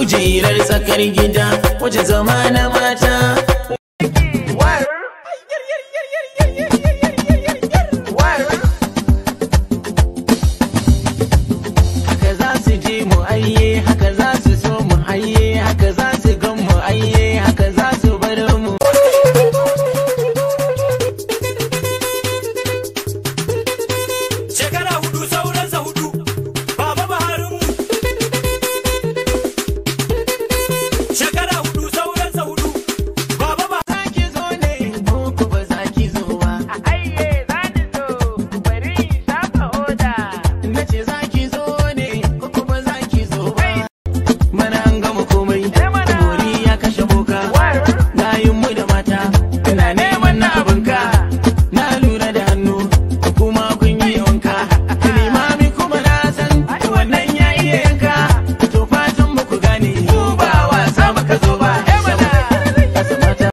kujerar tsakar gida wace zama na mata haka za su je mu aye haka za su so mu aye haka za su